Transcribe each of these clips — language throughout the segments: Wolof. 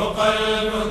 وقلب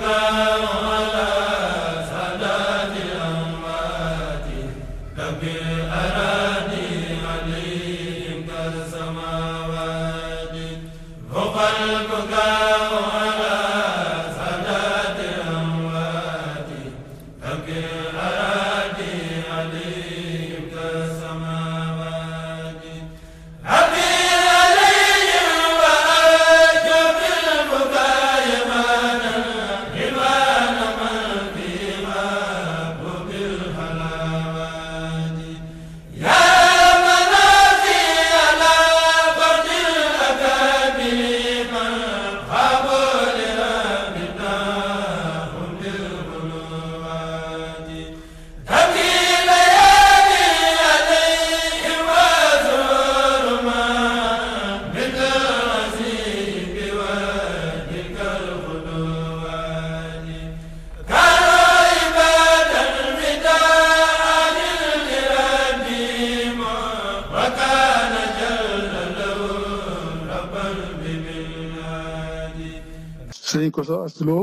Koso Aslo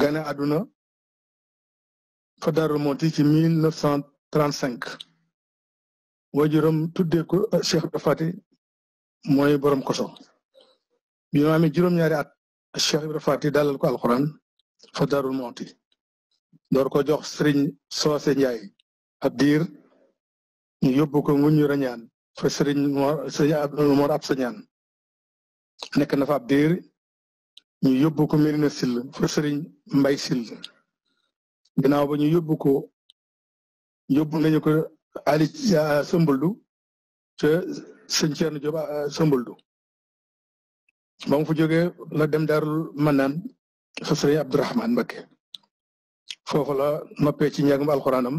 gane àdduna fa Darou Mouhty ci mille neuf cent trente cinq waajuram tuddee ko euh, Cheikh Ibra Faty mooy borom Koso bi ma amee at Cheikh Ibra Faty dalal ko alxuraan fa Darou Mouhty door ko jox Serigne Soose Ndiaye ab diir ñu yóbbu ko nguñu rañaan fa Serigne Mor Serigne Mor ab fa ab ñu yóbbu ko Medina Sill fa sëriñ Mbay Sill ginnaaw ba ñu yóbbu ko yóbbu nañu ko Ali Sëmbaldu ca sëñ Ceerno Jóob ah, Sëmbaldu ba mu fa jógee la dem Daarul Manaan fa sëriñ Abdourahman Mbakke foofu la noppee ci njàngum alxuraanam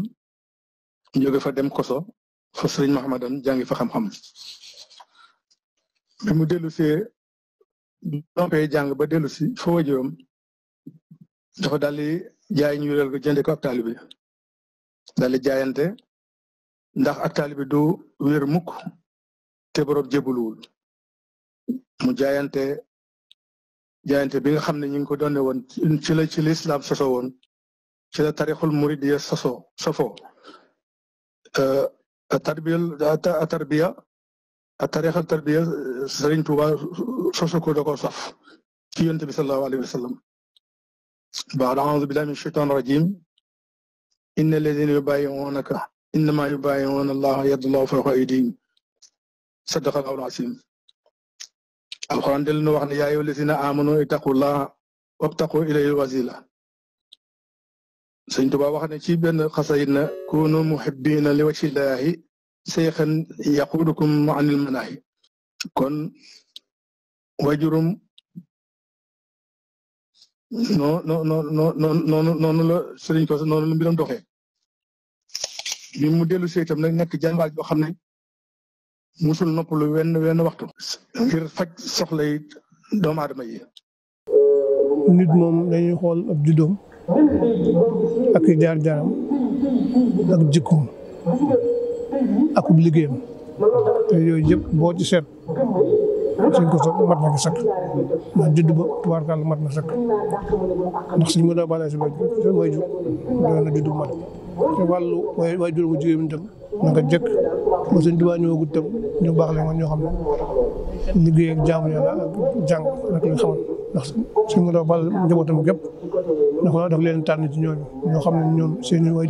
ñu jóge fa dem Koso fa sëriñ Mahamadan jàngi fa xam-xam bi mu noppee ba dellu si fa waajuram dafa daal di jaay ñu yoreel ko jënde ko ak taalibe daal di ndax ak taalibe du wér mukk te borom jébuluwul mu jaayante jaayante bi nga xam ne ñu ngi ko doone woon ci la ci lislaam soso woon ci la tarixul murid euh, tarbiya ak tarixa tarbiya Sëriñ Tuuba sosu ko da ko saf ci yonent bi sallallahu alayhi wa sallam بعد أعوذ بالله من الشيطان الرجيم إن الذين يبايعونك إنما يبايعون الله يد الله فوق أيديهم صدق الله العظيم القرآن دلنا وحنا يا أيها الذين آمنوا اتقوا الله وابتقوا إليه الوسيلة سنتبا وحنا شي بن خسينا كونوا محبين لوجه الله seyxan yaqudukum anil manaahi kon wajurum noo noo noo noo noonu noonu la sëriñ ko noonu la mbiram doxee bi mu dellu si itam nag nekk jàmbaar joo xam ne musul noppalu wenn wen waxtu ngir faj soxla yi doomu yi nit moom dañuy xool ab juddoom ak jaar jaaram ak jikkoom akub liggéeyam te yooyu boo ci seet suñ ko soog mat na ko sakk ndax judd ba tubaarkàlla mat na si mooy jur doon na judd mat te wàllu way na nga jëkk ba suñ tubaa ñëwagut tam ñu baax la ñoo xam ne liggéey ak jaamu yàlla ak jàng rek lañ xamal ndax suñ mën a bal ñoo xam ne ñoom seen way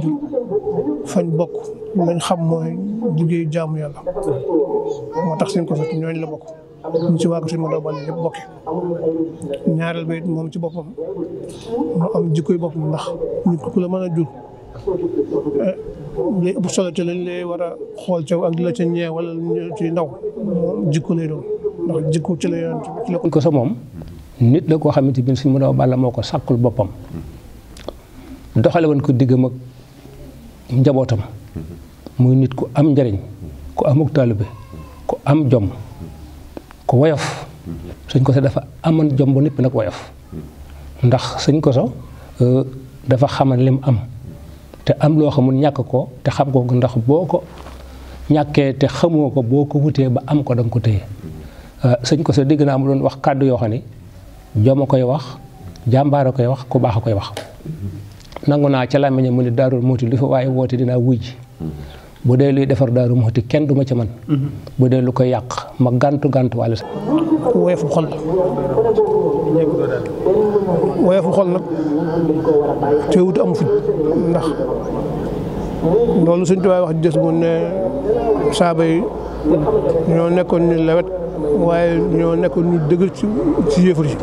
fañ bokk lañ xam mooy liggéey jaamu yàlla moo tax seen kosatu ñooñu la bokk ñu ci waaga suñ ma doo bal ñaareel moom ci boppam mu am jikkoy boppam ndax la mën a jur eh, lay ëpp solo ci lañ lay war a xool caw ak la ca ñee wala ci ndaw jikko lay doon ndax jikko ci la yoon ci la ko sa moom nit la koo xamante bi si ma doo balla moo ko sàkkul boppam doxale woon ko diggam ak njabootam muy nit ku am njariñ ku amuk taalibe ku am jomb ku woyof sëñ koso dafa amoon jom ba noppi nag woyof ndax sëñ koso euh, dafa xamal lim am te am loo xamul ñàkk ko te xam ko ndax boo ko ñàkkee te xamoo ko boo ko wutee ba am ko danga ko téye euh, sëñ ko koso dégg naa mu doon wax kàddu yoo xam ni jom a koy wax jàmbaar koy wax ku baax a koy wax nangu naa ca làmmiñam mu ne daarul muuti lu fi waaye woote dinaa wuy bu dee luy defar Daaru Muxti kenn duma ma man mhm. bu dee lu koy yàq ma gàntu gàntu wàll sax woyofu xol woyofu xol nag teewut amu fit ndax loolu suñ tubaab wax jës mu ne saaba yi ñoo nekkoon ñu lewet waaye ñoo nekkoon ñu dëgër ci ci yéefar yi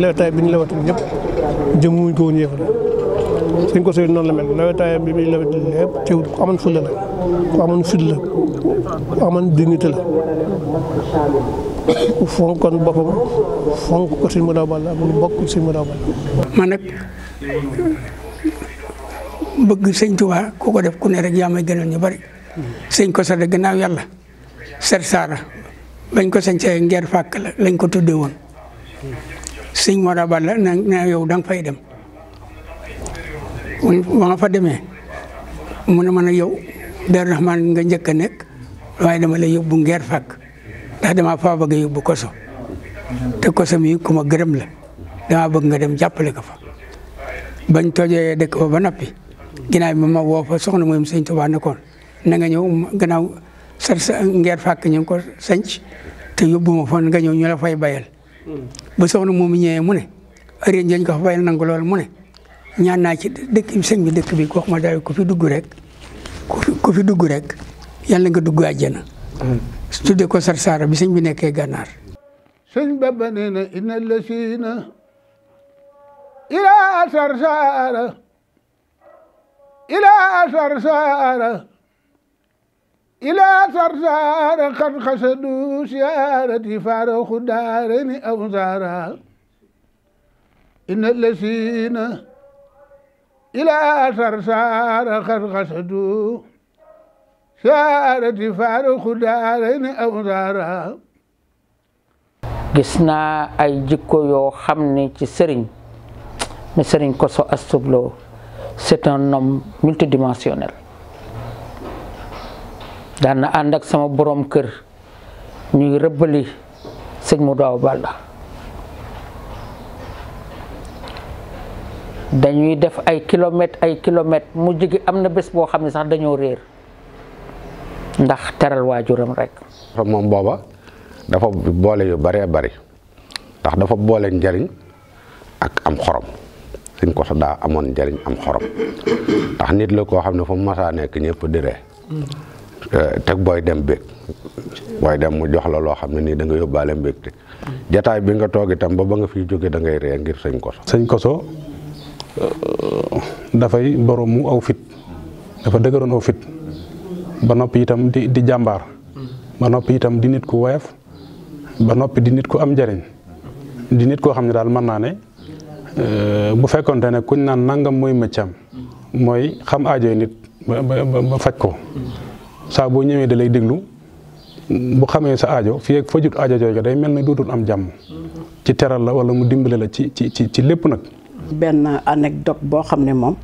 lewetaay bi ñu lewetul ñëpp jëmuwuñ ko woon yéefar sëñ ko sëriñ noon la mel lawetaay bi muy lawet lépp teewul ku amoon fulla la ku amoon fit la ku amoon dignité la ku fonkoon ko sëñ Modaw Balla Balla man nag bëgg sëñ Tuubaa ko def ku ne rek yaa may sëñ ko sa de gannaaw yàlla ko sañcee ngeer fàkk la lañ ko tuddee woon sëñ Modaw Balla na yow danga fay dem muy ma nga fa demee mu ne ma ne yow Daaru Rahmaan nga njëkk a nekk waaye dama lay yóbbu ngeer fàkk ndax damaa faa ga a yóbbu koso te koso mi ku ma gërëm la damaa bëgg nga dem jàppale ko fa bañ toojee ba noppi ginnaaw bi ma woo fa soxna moom sëñ Tuubaa nekkoon na nga ñëw gannaaw sa sa ngeer fàkk ñu ngi ko sanc te yóbbu ma foon nga ñëw ñu la fay bayal mm. ba soxna moom ñëwee mu ne arén jañ ko fa bayal nangu lool mu ne ñaan naa ci dëkk sëñ bi dëkk bi gox ma daal ku fi dugg rek ku fi dugg rek yàlla nga dugg àjjana hmm. ko sarsaara bi sëñ bi nekkee gànnaar sëñ Bamba nee na inna lasiina ilaa sarsaara ilaa sarsaara ilaa sarsaara xat xasadu siyaarati faaraxu daareni aw saara inna lasiina إلى ثرثار قد قصدوا سارة فارق دارين أو دارا gis naa ay jikko yoo xam ne ci sëriñ mi sëriñ Kosso Astou Lo c'est un homme multidimensionnel daan na ànd sama borom kër ñuy rëbbali sëñ mu daaw Balla dañuy def ay kilomètres ay kilomètres mu jigi am na bés boo xam ne sax dañoo réer ndax teral waajuram rek. moom booba dafa boole yu baree bari tax dafa boole njariñ ak am xorom suñ ko sa daa amoon njariñ am xorom ndax nit la koo xam ne fu mu masaa nekk ñëpp di ree euh, teg booy dem bég booy dem mu jox la loo xam ne nii da nga yóbbaale mbégte mm. jataay bi nga toog itam ba ba nga fiy jóge da ngay ree ngir sëñ koso sëñ koso dafay boroomu aw fit dafa dëgëroon aw fit ba noppi itam di di jàmbaar ba noppi itam di nit ku woyof ba noppi di nit ku am njariñ di nit koo xam ne daal man naa ne euh, bu fekkonte ne kuñ naan nangam mooy mëccam mooy xam ajo aajoy nit ba ba faj ko saa boo ñëwee da lay déglu bu xamee sa ajo fii ak fajut aajo jooju day mel na dootul am jàmm ci teral la wala mu dimbale la ci ci ci lépp nag. benn anecdote boo xam ne moom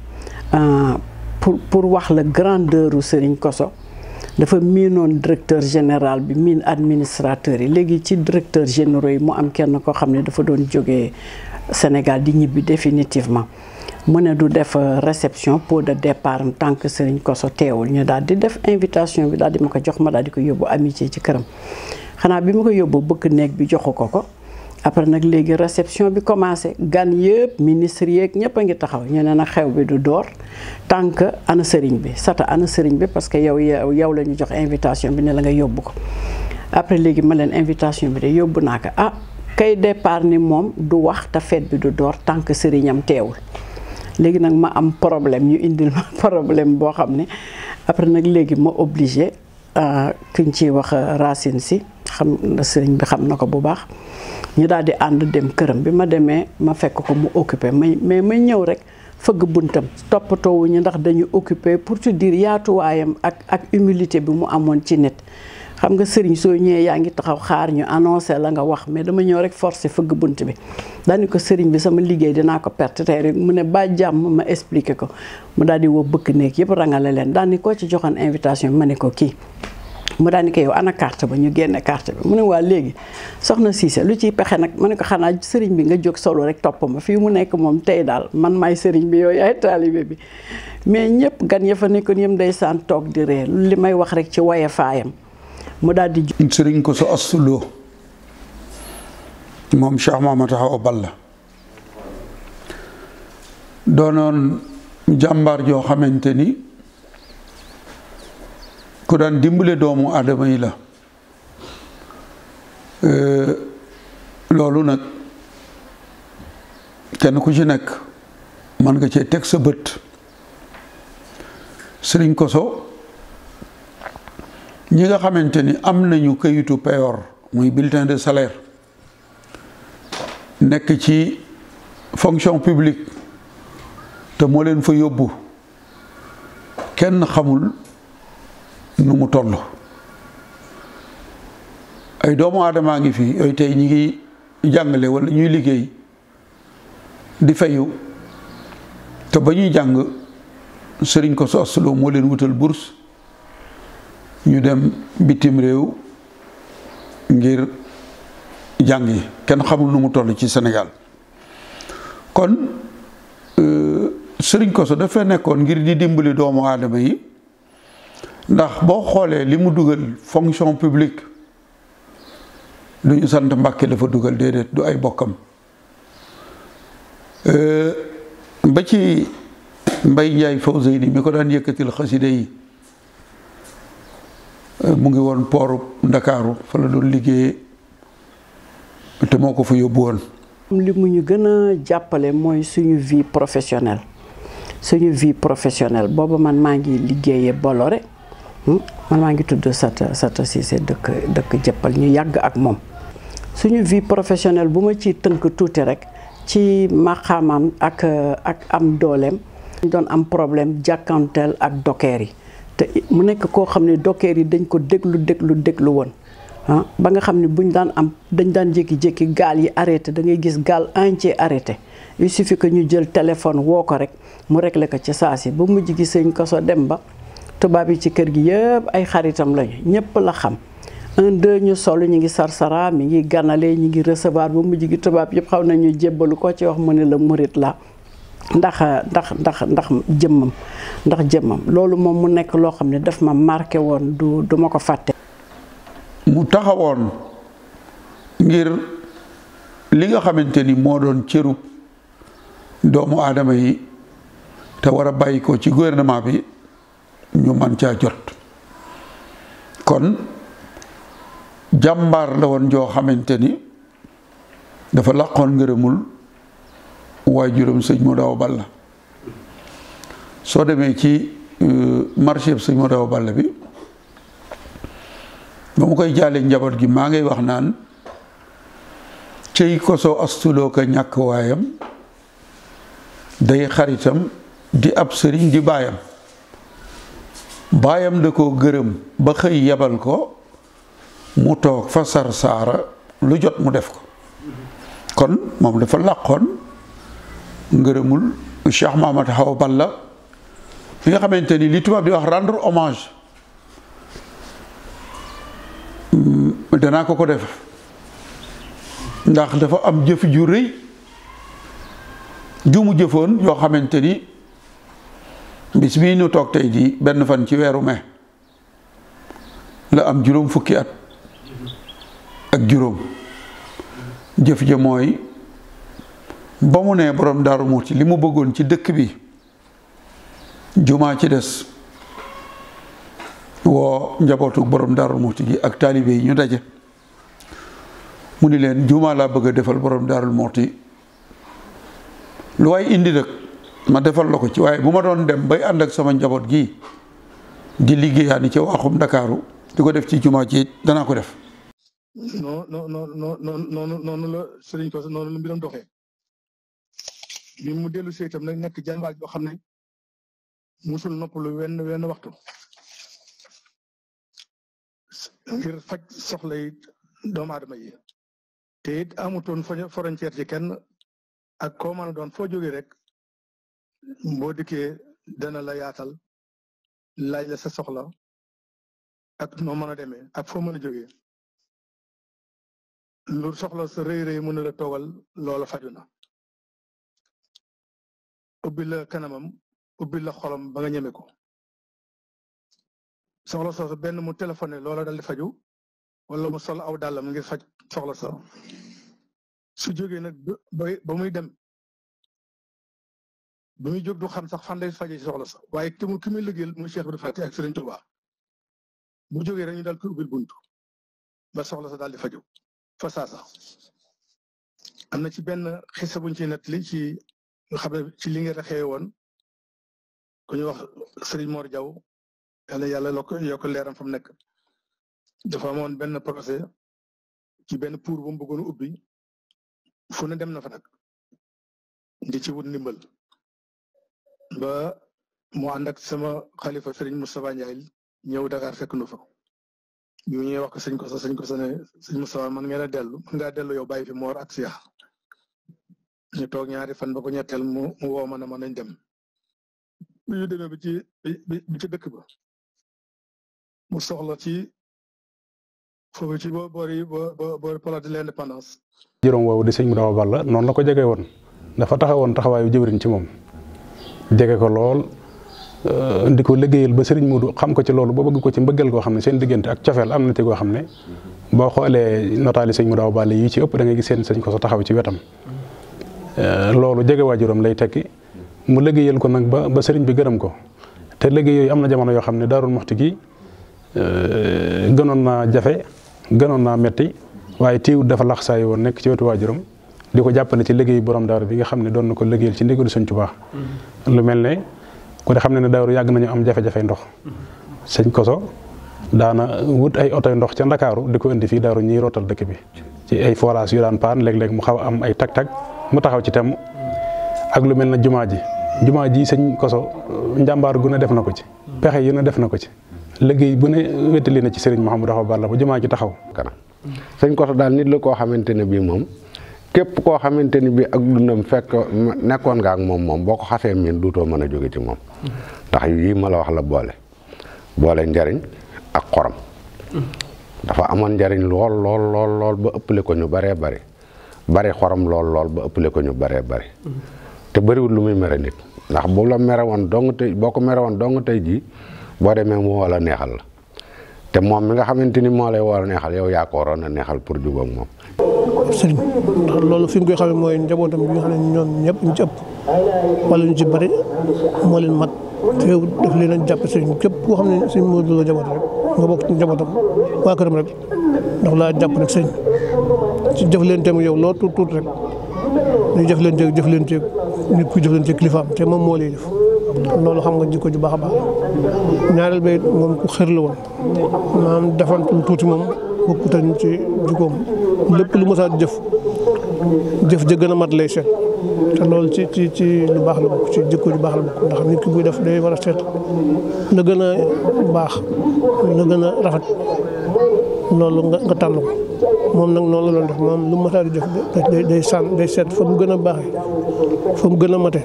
euh, pour pour wax la grandeur u Serigne Kosso dafa miinoon directeur général bi miin administrateur yi léegi ci directeur généraux yi mu am kenn koo xam ne dafa doon jógee Sénégal di ñibbi définitivement mu ne du def euh, réception pot de départ am tant que Serigne Kosso teewul ñu daal di def invitation bi daal di ma ko jox ma daal di ko yóbbu amitié ci këram xanaa bi ma ko yóbbu bëgg néeg bi joxu ko ko. après nag léegi réception bi commencé gan yëpp ministre yeeg ñëpp a ngi taxaw ñu ne na xew bi du door tant que ana sëriñ bi sata ana sëriñ bi parce que yow yow la ñu jox invitation bi ne la nga yóbbu ko après léegi ma leen invitation bi de yóbbu naa ko ah kay départ ni moom du wax te fête bi du door tant que sëriñam teewul léegi nag ma am problème ñu indil ma problème boo xam ne après nag léegi ma obligé euh, kiñ ciy wax racine si xam sëriñ bi xam na ko bu baax ñu daal di ànd dem këram bi ma demee ma fekk ko mu occupé may mais may ñëw rek fëgg buntam toppatoowu ñu ndax dañu occupé pour te diir yaatuwaayam ak ak humilité bi mu amoon ci nit xam nga sëriñ soo ñëwee yaa ngi taxaw xaar ñu annoncé la nga wax mais dama ñëw rek forcé fëgg bunt bi dañu ko sëriñ bi sama liggéey dinaa ko perte tey rek mu ne ba jàmm ma expliqué ko mu daal di woo bëkk néeg yëpp rangale leen daal ni koo ci joxoon invitation ma ne ko kii mu daal ni ko yow ana carte ba ñu génne carte bi mu ne waa léegi soxna Cissé lu ciy pexe nag ma ne ko xanaa sëriñ bi nga jóg solo rek topp ma fii mu nekk moom tey daal man maay sëriñ bi yow yaay taalibe bi mais ñëpp gan ya fa nekkoon day saan toog di ree li may wax rek ci woye faayam mu daal di sëriñ ko sa asloo moom Cheikh Mamadou Awa Balla doonoon jàmbaar joo xamante ni ku daan dimbale doomu aadama yi la loolu nag kenn ku ci nekk man nga cee teg sa bët sëriñ Koso ñi nga xamante ni am nañu kayitu payoor muy bulletin de salaire nekk ci fonction publique te moo leen fa yóbbu kenn xamul nu mu toll ay doomu aadamaa ngi fi yooyu tey ñi ngi jàngale walla ñuy liggéey di fayu te ba ñuy jàng sëriñ ko soos loo moo leen wutal bourse ñu dem bitim réew ngir jàng yi kenn xamul nu mu toll ci senegal kon euh, sëriñ ko Koso dafa nekkoon ngir di dimbali doomu aadama yi ndax boo xoolee li mu dugal fonction publique lu ñu sant Mbàkke dafa dugal déedéet du ay bokkam euh, ba ci Mbay Njaay Fawzeyni mi ko daan yëkkatil xaside yi euh, mu ngi woon pooru Ndakaaru fa la doon liggéeyee te moo ko fa yóbbu woon li mu ñu gën a jàppale mooy suñu vie professionnelle suñu vie professionnelle booba man maa ngi liggéeyee Bolloré Hmm? man maa ngi tudd Sata Sata Cissé dëkk dëkk jëppal ñu yàgg ak moom suñu vie professionnelle bu ma ci tënk tuuti rek ci maqaamam ak ak am dooleem doon am problème jàkkanteel ak dokeer yi te mu nekk koo xam ne dokeer yi dañ ko déglu déglu déglu woon ah ba nga xam ne buñ daan am dañ daan jékki-jékki gaal yi arrêté da ngay gis gaal entier arrêté il suffit ñu jël téléphone woo ko rek mu réglé ko ci saa si ba mujj gi ko Koso dem ba tubaab yi ci kër gi yëpp ay xaritam lañu ñëpp la xam un ñu sol ñu ngi sarsara mi ngi ganale ñu ngi recevoir ba mujj gi tubaab yëpp xaw nañu jébbalu ko ci wax mu ne la murit la ndax ndax ndax ndax jëmmam ndax jëmmam loolu moom mu nekk loo xam ne daf ma marqué woon du du ma ko fàtte. mu taxawoon ngir li nga xamante ni moo doon cërub doomu aadama yi te war a bàyyi ko ci gouvernement bi. ñu man caa jot kon jàmbaar la woon joo xamante ni dafa làqoon ngërëmul waajuram sëñ mu daw balla soo demee ci euh, marché sëñ mu daw balla bi ba mu koy jaale njaboot gi maa ngiy wax naan cëy koso astuloo ko ñàkk waayam day xaritam di ab sëriñ di baayam baayam da koo gërëm ba xëy yebal ko mu toog fa sar saara lu jot mu def ko kon moom dafa làqoon ngërëmul Cheikh Mahamad Awa Balla fi nga xamante ni li tubaab di wax rendre hommage hmm, danaa ko ko def ndax dafa am jëf ju rëy ju mu jëfoon yoo xamante ni bis bii ñu toog tey jii benn fan ci weeru mai la am juróom fukki at ak juróom jëf ja mooy ba mu nee borom Daaru Muxti li mu bëggoon ci dëkk bi jumaa ci des woo njabootu borom Daaru Muxti gi ak taalibe yi ñu daje mu ni leen jumaa laa bëgg a defal borom Daaru Muxti lu waay indi nag ma defal la ko ci waaye bu ma doon dem bay ànd ak sama njaboot gi di liggéeyaani ci waaxum Ndakaaru di ko def ci jumaa ci danaa ko def. non non non non non noonu la Serigne Kosso noonu la mbiram doxee mu dellu si nag nekk jàmbaar boo xam ne musul noppalu wenn wenn waxtu ngir faj yi te it amutoon frontière ci kenn ak koo mën a doon foo jógee rek. boo dikkee dana la yaatal laaj la sa soxla ak noo mën a demee ak foo mën a jógee lu soxla sa rëy rëy mën a la toogal loola faju na ubbi kanamam ubbi la xolam ba nga ñeme ko soxla soosu benn mu téléphoné loola dal di faju wala mu sol aw dàllam ngir faj soxla sa su jógee nag ba muy dem ba muy jóg du xam sax fan lay faje soxla sax waaye ki mu ki muy liggéeyal muy Cheikh Ibrahima Fati ak Serigne Touba bu jógee rek ñu daal ko ubbil buntu ba soxla sa daal di faju fa saasa am na ci benn xisa buñ ci nettali ci nga xam ne ci li nga raxee woon ku ñu wax Serigne Mor Diaw yàlla yàlla loo ko yokk leeram fa mu nekk dafa amoon benn procès ci benn pour bu mu ubbi fu ne dem na fa nag di ci wut ndimbal ba mu ànd ak sama xalifa Serigne Moustapha Ndiaye ñëw Dakar fekk nu fa ñu ñuy wax ko sëñ Koso sëñ Koso ne sëñ Moustapha man ngeen a dellu man ngaa dellu yow bàyyi fi Mor ak Cheikh ñu toog ñaari fan ba ko ñetteel mu mu woo ma ne ma nañ dem. bu ñu demee bi ci bi ci dëkk ba mu soxla ci foofu ci bo boori bo boori place de l'indépendance. juróom woowu di sëñ Moustapha Balla noonu la ko jege woon dafa taxawoon taxawaayu jëwriñ ci moom. jege ko lool euh, di ko liggéeyal ba Serigne Modou xam ko ci loolu ba bëgg ko ci mbëggal goo xam ne seen diggante ak cofeel am na ci goo xam ne boo xoolee notaali sëñ mu Awa baal yi ci ëpp dangay gis seen sëñ ko sa taxaw ci wetam euh, loolu jege waajuram lay tekki mu liggéeyal ko nag ba ba sëriñ bi gërëm ko te liggéey yooyu am na jamono yoo xam ne Daarul Muxti gi euh, gënoon naa jafe gënoon naa metti waaye téewut dafa laxsaay woon nekk ci wetu waajuram di ko jàppale ci liggéey borom daaru bi nga xam ne doon na ko liggéeyal ci ndigalu Sëñ Tuubaa mm-hmm. lu mel ne ko ne xam ne ne daaru yàgg nañu am jafe-jafe ndox mm-hmm. sëñ koso daana wut ay otoy ndox ca ndakaaru di ko indi fi daaru ñiy rootal dëkk bi ci ay forage yu daan paan léeg-léeg mu xaw a am ay tag-tag mu taxaw ci tem ak lu mel na jumaa ji jumaa ji sëñ koso uh, njàmbaar gu na def na ko ci mm-hmm. pexe yu na def na ko ci liggéey bu ne wéttali na ci sëriñ Mouhamadou Awa ba jumaa ji taxaw sëñ ne bii moom képp koo xamante ni bi ak dundam fekk nekkoon nga ak moom moom boo ko xasee miin duutoo mën a jóge ci moom ndax yii ma la wax la boole boole njariñ ak xorom dafa amoon njariñ lool lool lool lool ba ëppale ko ñu baree bari bari xorom lool lool ba ëppale ko ñu baree bari te bëriwul lu muy mere nit ndax bu la mere woon dong tey boo ko mere woon dong tey jii boo demee mu woo neexal la te moom mi nga xamante ni moo lay woo la neexal yow yaa ko waroon a neexal pour jubóog moom sëriñ ndax loolu fi mu koy xamee mooy njabootam bi nga xam ne ñoom ñëpp ñu ci ëpp wala ñu ci bëri moo leen mat teew jàpp sëriñ képp koo xam ne sëriñ moo dula jaboot rek nga bokk ci njabootam waa këram rek ndax laa jàpp nag sëriñ ci jëflanteem yow loo tuut tuut rek ñu jëflanteeg jëflanteeg nit ku jëflanteeg kilifaam te moom moo lay def loolu xam nga jikko ju baax a baax ñaareel ba it moom ku xër la woon maanaam defantu tuuti moom bokkut ci jikkoom lépp lu mos jëf jëf ja gën a mat lay set te loolu ci ci ci lu baax la bokk ci jikko ju baax la bokk ndax nit ki buy def day war a seet la gën a baax la gën a rafet loolu nga nga tànn ko moom nag noonu la doon def moom lu mataat jëf def day day sànn day seet fa mu gën a baaxe fa mu gën a mate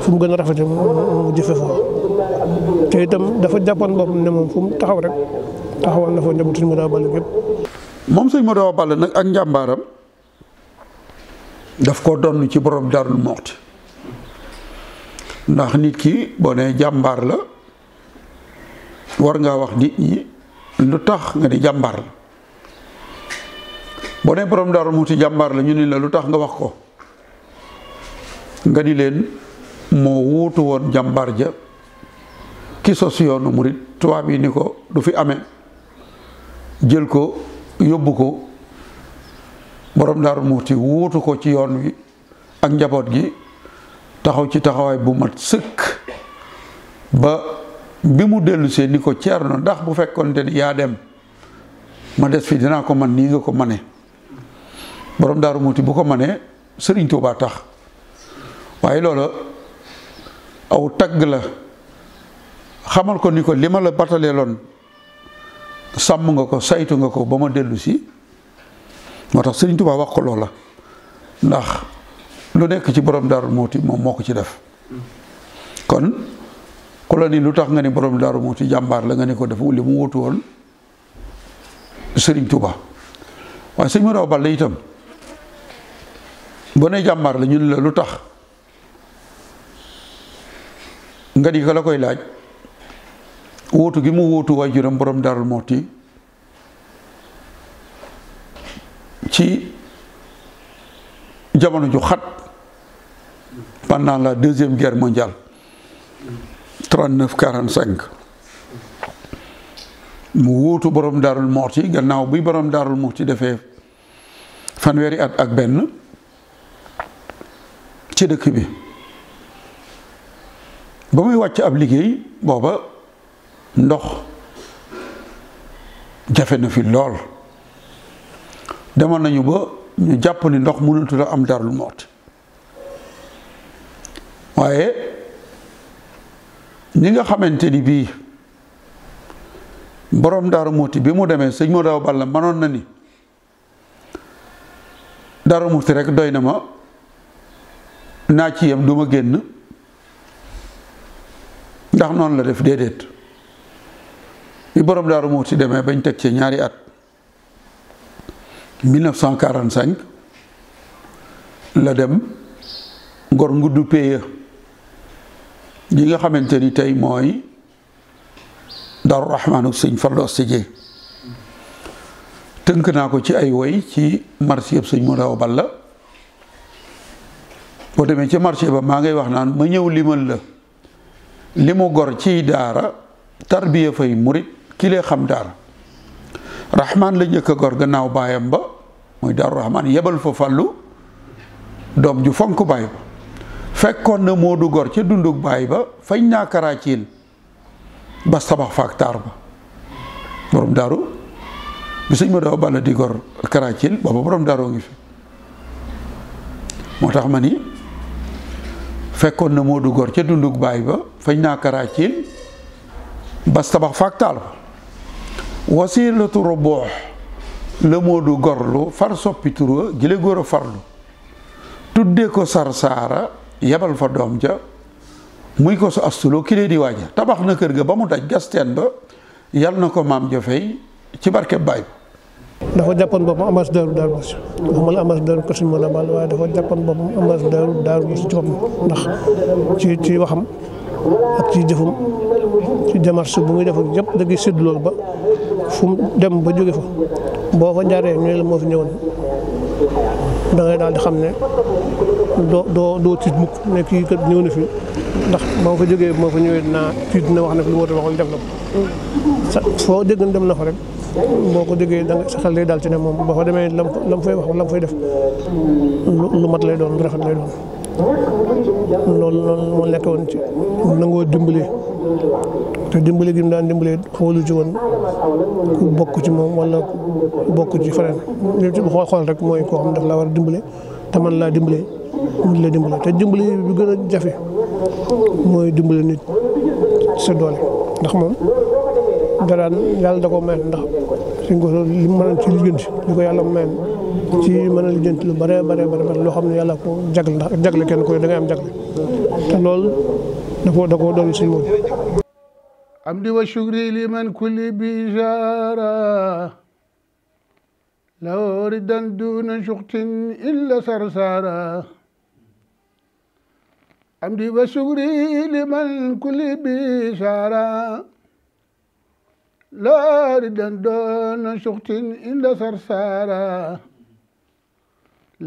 fu mu gën a rafete mu jëfe foofu te itam dafa jàppoon boppam ne moom fu mu taxaw rek taxawoon na fa njabootu mu daa bale gépp moom sëñ Modou Awa Balla nag ak njàmbaaram daf ko donn ci borom Darou Mouhty ndax nit ki boo nee jàmbaar la war ngaa wax nit ñi lu tax nga ni jàmbaar la boo nee borom Darou Mouhty jàmbaar la ñu ni la lu tax nga wax ko nga di leen moo wuutu woon jàmbaar ja ki sos yoonu murit tubaab yi ni ko du fi amee jël ko yóbbu ko borom daaru muuti wuutu ko ci yoon wi ak njaboot gi taxaw ci taxawaay bu mat sëkk ba bi mu dellusee ni ko ceer na ndax bu fekkoonte ni yaa dem ma des fii dinaa ko man nii nga ko mane borom daaru muuti bu ko manee sëriñ tuubaa tax waaye loola aw tagg la xamal ko ni ko li ma la bataleeloon sàmm nga ko saytu nga ko ba ma dellusi moo tax Sëriñ Tuubaa wax ko loola ndax lu nekk ci borom daaru muuti moom moo ko ci def kon ku la ni lu tax nga ni borom daaru muuti jàmbaar la nga ne ko dafa li mu wutu woon Sëriñ Tuubaa waaye sëñ Modu Balla itam boo jàmbaar la ñun la lu tax nga di ko la koy laaj wóotu gi mu wóotu waajuram borom Darou Mouhty ci jamono ju xat pendant la deuxième guerre mondiale 39 45 mu wóotu boroom Darou Mouhty gannaaw bi borom Darou Mouhty defee fanweeri at ak benn ci dëkk bi ba muy wàcc ab liggéey booba. ndox jafe na fi lool demoon nañu ba ñu jàpp ni ndox mënatul am dara lu waaye ni nga xamante ni bii boroom daaru muuti bi mu demee sëñ moo daaw balla manoon na ni daaru muuti rek doy na ma naa ci yem du génn ndax noonu la def déedéet bi borom daaru muuti demee bañ teg ci ñaari at 1945 la dem ngor nguddu péya ñi nga xamante ni tey mooy daaru rahmaanu sëñ Fallu Asijee tënk naa ko ci ay woy ci marché yëpp sëñ mu daw la boo demee ci marché ba maa ngay wax naan ma ñëw limal la li mu gor ciy daara tarbiya fay murit kilee xam daara rahman la njëkk a gor gannaaw baayam ba muy daaru rahman yebal fa fàllu doom ju fonk baay ba fekkoon na moodu du gor ca dunduk baay ba fañ naa karaaciil ba tabax faak taar ba borom ma doo balla di gor karaaciil booba daaroo ngi fi moo tax ma ni fekkoon na moo du gor ca dunduk baay ba fañ naa karaaciil bas tabax faak taar ba wasilatu roboox la moodu gorlu far soppi tura jële góor a farlu tudde ko sarsaara yebal fa doom ja muy ko su astuloo ki lee di waaja tabax na kër ga ba mu daj gasteen ba yal na ko maam ja ci barke baay dafa jàppoon boppam ambassadeur Daaru Muxti waxuma la ambassadeur ko a baal waaye dafa jàppoon boppam ambassadeur Daaru Muxti ci boppam ndax ci waxam ak ci jëfum ci démarche bu muy def ak yëpp da ngay ba fu dem ba jóge fa boo fa jaaree ñu ne la moo fi ñëwoon da daal di xam ne doo doo doo tiit mukk ne kii kat ñëw na fi ndax moo fa jógee moo fa ñëwee naa tiit dina wax na fi lu ma doon waxoon def la ko. foo dégg dem na fa rek boo ko déggee da nga sa xel lay daal ci ne moom boo fa demee lam fay wax lam fay def lu mat lay doon lu rafet lay doon. loolu noonu moo ci nangoo dimbali te dimbali gi mu daan dimbali xoolu ci woon ku bokk ci moom wala ku bokk ci feneen li ci xool xool rek mooy koo xam daf laa war a dimbali te man laa dimbali mun la dimbali te dimbali bi gën a jafe mooy dimbali nit sa doole ndax moom daraan yàlla da ko mayoon ndax suñ ko li mu mën ci liggéeyam li ko yàlla mayoon ci mën a lijjanti bare bare bare bare loo xam ne yàlla ko jagle ndax jagle kenn koy da ngay am jagle te loolu da koo da koo doon wa shukri liman kulli bi jara law ridan duna illa sarsara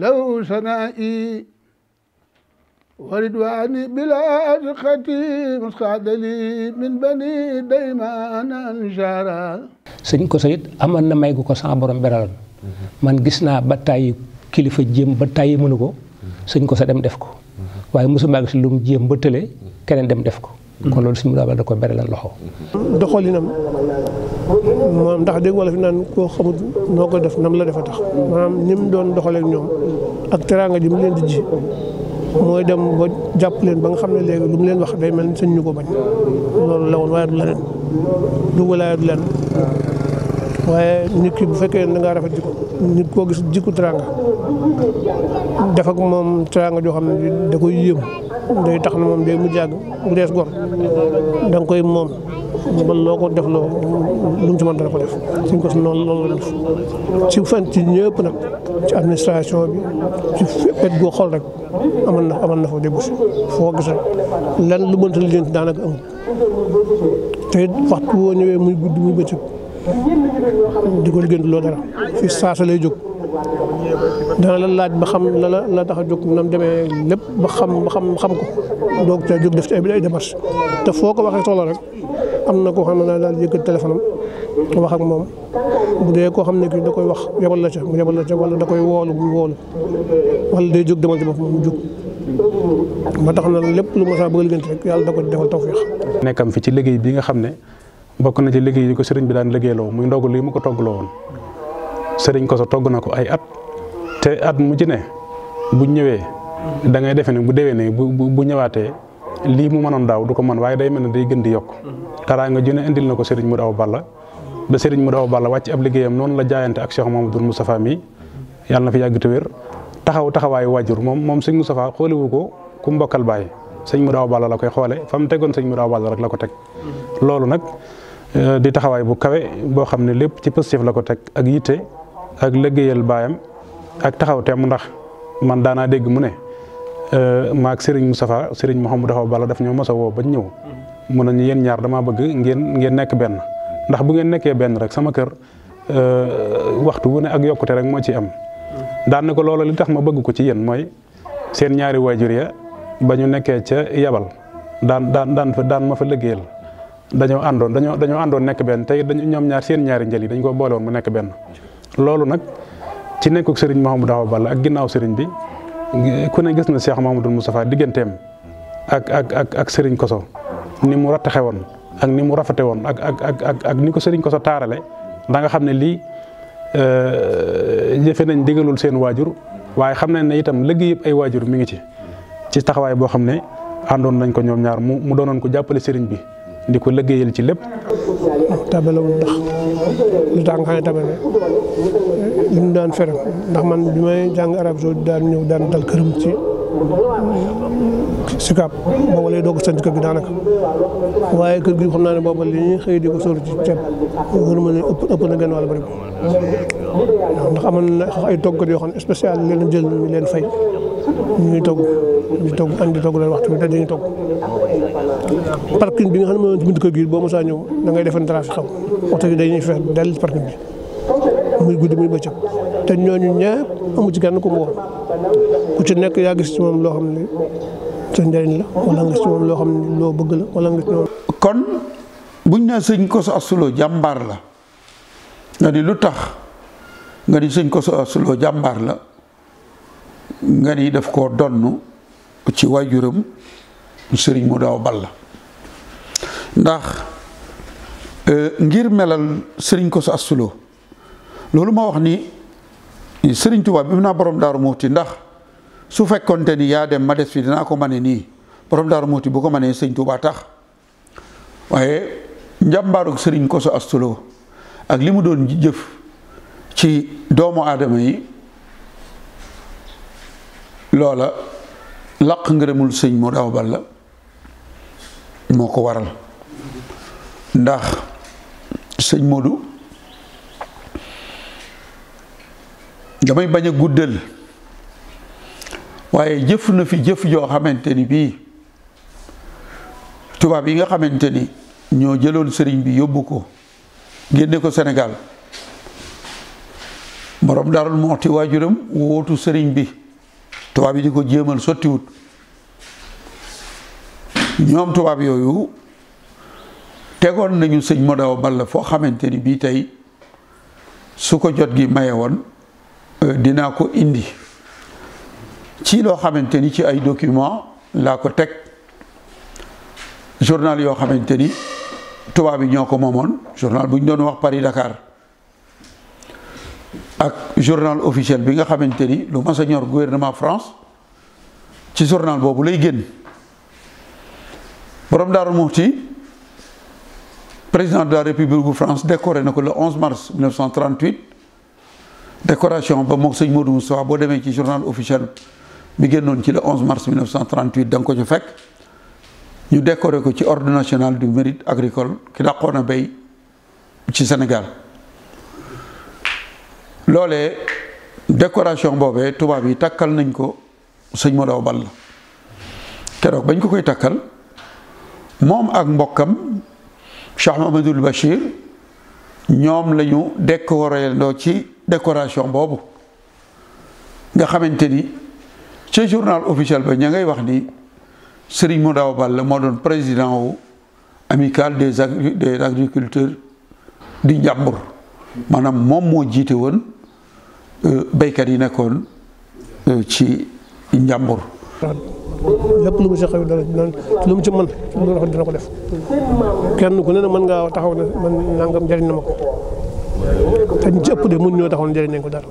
لو سنائي وردواني بلا أرقتي مسقعد لي من بني ديمان أنجارا sëñ ko sayit amoon na may gu ko sama borom beraloon man gis naa ba tàyyi kilifa jéem ba tàyyi mënu ko sëñ ko sa dem def ko waaye mosuma gis lu mu jéem ba tële keneen dem def ko Mm-hmm. kon loolu suñu daabal da ko bere lan loxo mm-hmm. doxalinam moom ndax dégg wala fi naan koo xamut noo ko def nam la defa tax maanaam ni doon doxaleek ñoom ak teraanga ji mu leen di ji mooy dem ba jàpp leen ba nga xam ne léegi lu mu leen wax day mel ni sañ ñu ko bañ loolu la woon waaye du leneen du walaaya du leneen waaye nit ki bu fekkee da ngaa rafet jikko nit koo gis jikko teraanga def ak moom teraanga joo xam ne da koy yéem day tax na moom day mu jàgg bu dees gor da nga koy moom ba loo ko def loo lu mu ci ko noonu loolu la def ci fan ci ñëpp nag ci administration bi ci wet goo xool rek aman na aman na fa déggu si foo gis rek lan lu mënta lijjanti daanaka te waxtu woo ñëwee muy guddi muy di ko loo dara fi saasa lay jóg dana la laaj ba xam la la tax a jóg nam demee lépp ba xam ba xam xam ko doog ca jóg def ci ay démarche te foo ko waxee soxla rek na koo xam ne daal daal yëkkat téléphone am wax ak moom dee koo xam ne da koy wax yebal la ca wala da koy woolu mu woolu wala day demal ci boppam mu jóg ba tax na lépp lu ma saa bëgg liggéeyante rek yàlla da ko defal tawfeex nekkam fi ci liggéey bii nga xam ne bokk na ci liggéey yi ko sëriñ bi daan liggéeyloo muy ndogu lii mu ko toggloo woon sëriñ Koso togg na ko ay at te at mu ci ne bu ñëwee da ngay defe ne bu déwénee bu bu ñëwaatee lii mu mënoon daaw du ko mën waaye day mel ne day gën di yokk taraanga ju indil na ko sëriñ mu daw Balla ba sëriñ mu daw Balla wàcc ab liggéeyam noonu la jaayante ak Cheikh Mamadou Moustapha mi yàlla na fi yàgg te wér taxaw taxawaayu moom moom sëñ Moustapha xoolewu ko ku mbokkal bàyyi sëñ mu daw Balla koy xoole fa mu tegoon sëñ mu daw Balla rek la ko teg loolu nag Euh, di taxawaay bu kawe boo xam ne lépp ci positif la ko teg ak yitte ak liggéeyal baayam ak taxaw teem ndax man daanaa dégg mu ne euh, maak Serigne Moustapha Serigne Mouhamadou Awa bala def ñoo mos a woo bañ ñëw mun ñu yéen ñaar damaa bëgg ngeen ngeen nekk benn ndax bu ngeen nekkee benn rek sama kër euh, waxtu wu ne ak yokkute rek moo ci am. daan na ko loola li tax ma bëgg ko ci yéen mooy seen ñaari waajur ya ba ñu nekkee ca yabal daan daan daan fa daan ma fa liggéeyal dañoo àndoon dañoo dañoo àndoon nekk benn tey dañu ñoom ñaar seen ñaari njël yi dañ ko boole woon mu nekk benn loolu nag ci nekkuk sëriñ Mouhamadou Awa Balla ak ginnaaw sëriñ bi ku ne gis na Cheikh Mouhamadou Moustapha digganteem ak ak ak ak sëriñ Koso ni mu rattaxe woon ak ni mu rafete woon ak ak ak ak ak ni ko sëriñ Koso taarale da xam ne lii euh, jëfe nañ digalul seen waajur waaye xam nañ ne itam lëgg yëpp ay waajur mi ngi ci ci taxawaay boo xam ne àndoon nañ ko ñoom ñaar mu mu doonoon ko jàppale sëriñ bi di ko liggéeyal ci lépp. tabale wu ndax lu tax nga xam ne tabale li mu daan fere ndax man bi may jàng arab soo daan ñëw daan dal këram ci Sikaab booba lay doog a kër gi daanaka waaye kër gi xam naa ne booba li ñuy xëy di ko sóor ci ceeb wër ma ne ëpp ëpp na genn wàll bëri ndax amoon na ay toggat yoo xam ne spécial leen jël ñu leen fay. ñu ngi togg di togg andi togg la waxtu bi te dañuy togg parking bi nga xam ne moom ci buntu kër gi boo mosaa ñëw da ngay defoon trafic xam waxtu bi dañuy fex dell parking bi muy guddi muy bëccëg te ñooñu ñëpp amu ci kenn ku mu woon ku ci nekk yaa gis ci moom loo xam ne sa njëriñ la wala nga gis ci moom loo xam ne loo bëgg la wala nga kon buñ ne sëñ Kosso Astou Lo jàmbaar la di lu tax nga di sëñ Kosso Astou Lo jàmbaar la. nga ni daf koo donn ci waajuram sëriñ mu daaw balla ndax euh, ngir melal sëriñ ko sa asuloo loolu ma wax ni sëriñ Tuubaa bi mu naa borom daaru muuti ndax su fekkonte ni yaa dem ma des fi dinaa ko mane nii borom daaru muuti bu ko manee sëriñ Tuubaa tax waaye njàmbaarug sëriñ ko sa asuloo ak li mu doon jëf ci doomu aadama yi loola laq ngërëmul sëñ Modou Awa Balla moo ko waral ndax sëñ Modou damay bañ a guddal waaye jëf na fi jëf joo xamante ni bii tubaab yi nga xamante ni ñoo jëloon sëriñ bi yóbbu ko génne ko senegal Sénégal borom daarul moxti waajuram wootu sëriñ bi tubaab yi di ko jéemal sottiwut ñoom tubaab yooyu tegoon nañu sëñ Modaw Balla foo xamante ni bii tey su ko jot gi maye woon euh, dinaa ko indi ci loo xamante ni ci ay document laa ko teg journal yoo xamante ni tubaab yi ñoo ko moomoon journal bu ñu doon wax Paris Dakar ak journal officiel bi nga xamante ni lu monseigneur gouvernement France ci journal boobu lay génn borom Daaru Muxti président de la république bu France décoré na ko le 11 mars 1938 décoration ba moog sëñ Modou Moustapha boo demee ci journal officiel bi génnoon ci la 11 mars 1938 da nga ko ci fekk ñu décoré ko ci ordre national du mérite agricole ki dàqoon a béy ci Sénégal loolee décoration boobe tubaab yi takkal nañ ko sëñ Modaw Balla keroog bañ ko koy takkal moom ak mbokkam Cheikh Mahamadul ñoom lañu ñu décoré ndoo ci décoration boobu nga xamante ni ci journal officiel ba ña ngay wax ni sëriñ Modaw Balla moo doon président wu amicale des des agriculteurs di Njàmbur maanaam moom moo jiite woon Euh, béykat yi nekkoon euh, ci njàmbur. lépp lu mu si xew dana lu mu ci mën lu mu dina ko def kenn ku ne mën ngaa taxaw ne man nangam njëriñ na ma ko te ëpp de mun ñoo taxaw ne njëriñ nañ ko dara.